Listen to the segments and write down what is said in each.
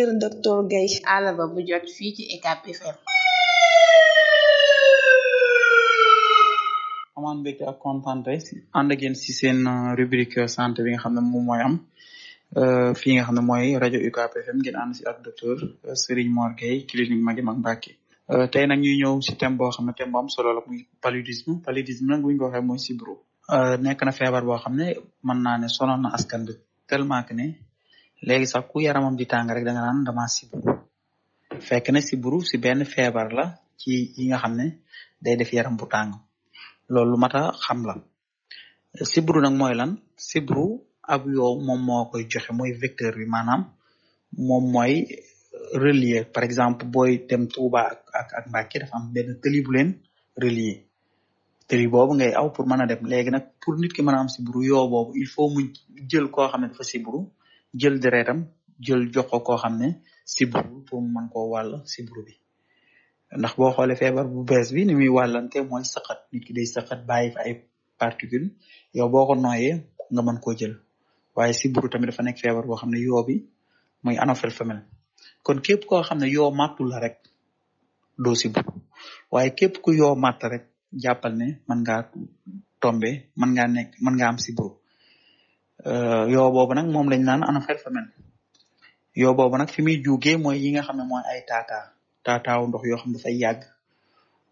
kër docteur Gaye àllarba bu jot fii ci UCAB FM amaan mbégte ak kontaan tey ànd ak yéen si seen euh, rubrique euh, santé bi nga xam ne moom mooy am euh, fii nga xam ne mooy rajo UCAB FM ngeen ànd si ak docteur Serigne Mor Gaye clinique Magui Mag Mbacké tey nag ñuy ñëw si boo xam ne thème bu am solo la muy paludisme paludisme nag bu ñu ko waxee mooy sibro nekk na feebar boo xam ne mën naa ne sonal na askan bi tellement que ne léegi sax ku yaramam di tàng rek da nga naan dama sibru fekk na sibru si benn feebar la ci yi nga xam ne day def yaram bu tàng loolu mat a xam la sibru nag mooy lan sibru ab yo moom moo koy joxe mooy vecteur bi maanaam moom mooy relier par exemple booy dem Touba ak ak ak Mbàkke dafa bu leen relier tëli boobu ngay aw pour mën a dem léegi nag pour nit ki mën a am sibru yoo boobu il faut mu jël koo xam ne dafa jël deretam jël jox ko koo xam ne sibru pour mu mën koo wàll sibru bi ndax boo xoolee feebar bu bees bi ni muy wàllante mooy sëqat nit day sëqat bàyyi fa ay particule yow boo ko nooyee nga mën koo jël waaye sibru tamit dafa nekk feebar boo xam ne yoo bi muy anophèle femelle kon képp koo xam ne yoo màttu la rek doo sibru waaye képp ku yoo màtt rek jàppal ne mën ngaa tombe mën ngaa nekk mën ngaa am sibru Euh, yoo ba nag moom lañ naan anafel femelle yoo boobu nag fi muy jugee mooy yi nga xam ne mooy ay taata taataaw ndox yoo xam dafay yàgg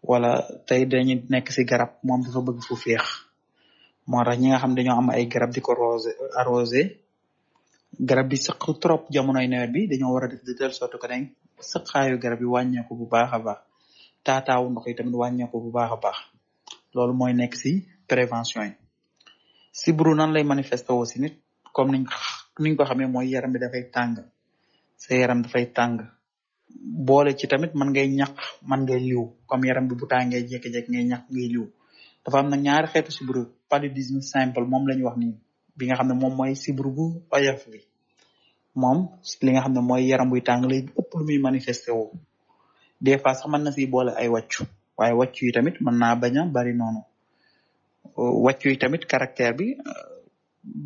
wala tey dañit nekk si garab moom dafa bëgg fu feex moo tax ñi nga xam dañoo am ay garab di ko rosé garab bi sëq trop jamonoy nawet bi dañoo war a def di tel sorte que dañ sëqaayu garab yi wàññeeku bu baax a baax taataawu ndox yi tamit wàññeeku bu baax a baax loolu mooy nekk si prévention yi sibru nan lay manifesté woo si nit comme niñ niñ ko xamee mooy yaram bi dafay tàng sa yaram dafay tàng boole ci tamit man ngay ñaq man ngay liw comme yaram bi bu tàngee jékki-jékki ngay ñaq ngay liw dafa am na ñaari xeetu sibru paludisme simple moom la ñu wax nii bi nga xam ne moom mooy sibru bu oyof bi moom li nga xam ne mooy yaram buy tàng lay ëpp lu muy manifesté woo des fois sax mën na si boole ay wàccu waaye wàccu yi tamit mën naa bañ a bari noonu wàccu yi tamit caractère bi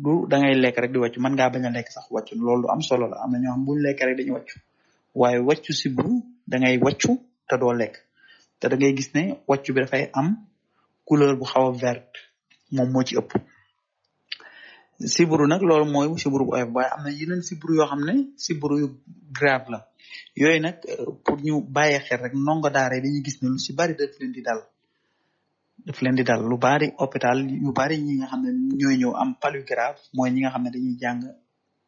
du dangay ngay lekk rek di wàccu man ngaa bañ a sax wàccu loolu am solo la am na ñoo xam buñ lekk rek dañu wàccu waaye wàccu si bu da ngay wàccu te doo lekk te da ngay gis ne wàccu bi dafay am couleur bu xaw a verte moom moo ci ëpp siburu nag loolu mooy siburu bu oyof waaye am na yeneen siburu yoo xam ne siburu yu grave la yooyu nag euh, pour ñu bàyyi xel rek ndongo daara yi dañuy gis ne si bari daf leen di dal daf leen di dal lu bari hôpital yu bari ñi nga xam ne ñooy ñëw am palu grave mooy ñi nga xam ne dañuy jàng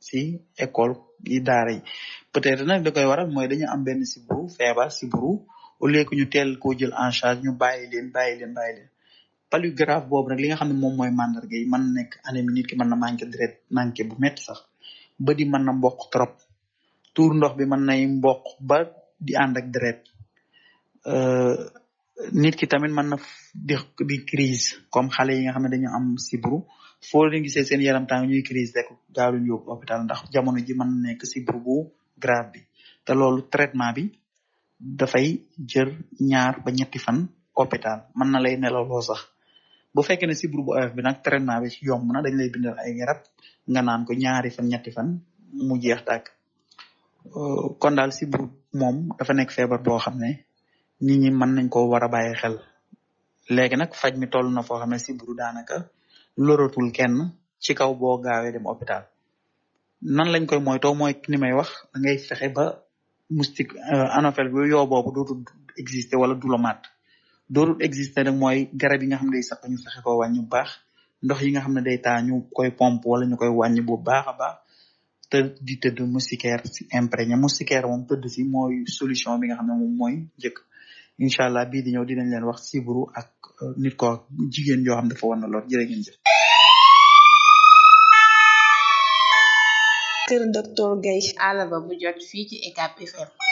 si école yi daara yi peut-être na da koy waral mooy dañu am benn siburu feebar siburu au lieu que ñu teel koo jël en charge ñu bàyyi leen bàyyi leen bàyyi leen palu grave boobu nag li nga xam ne moom mooy mandarga yi mën na nekk anémie nit ki mën na manqué deret manqué bu métti sax ba di mën na mboq trop tuur ndox bi mën nay mboq ba di ànd ak deret euh, nit ki tamit mën na di di crise comme xale yi nga xam ne dañu am sibru foo leen gisee seen yaram tàng ñuy crise rek gaaw leen yóbbu jamono ji mën na nekk sibru bu grave te loolu traitement bi dafay jër ñaar ba ñetti fan hôpital mën na lay nelawloo sax bu fekkee ne sibru bu oyof bi nag traitement bi yomb na dañ lay bindal ay garab nga naan ko ñaari fan ñetti fan mu jeex tàkk euh, kon daal sibru moom dafa nekk feebar boo xam ne nit ñi mën nañ ko war a bàyyi xel léegi nag faj mi toll na foo xam ne sibiru daanaka loratul kenn ci kaw boo gaawee dem hôpital nan lañ koy moytoo mooy ni may wax da ngay fexe ba moustique euh, anophèle bi yoo bo dootul existé wala du la màtt dootul existé mooy garab yi nga xam ne day sax ñu fexe bu baax ndox yi nga xam ne day taa ñu koy pompe wala ñu koy wàññi bu baax a baax te tëdd moustiquaire si imprégné moom tëdd si mooy solution bi nga xam ne moom mooy njëkk incha allah bii di ñëw dinañ leen wax sibru ak euh, nit ko jigéen yoo xam dafa war na lool jërë ngeen kër docteur Gaye àllarba bu jot fii ci UCAB FM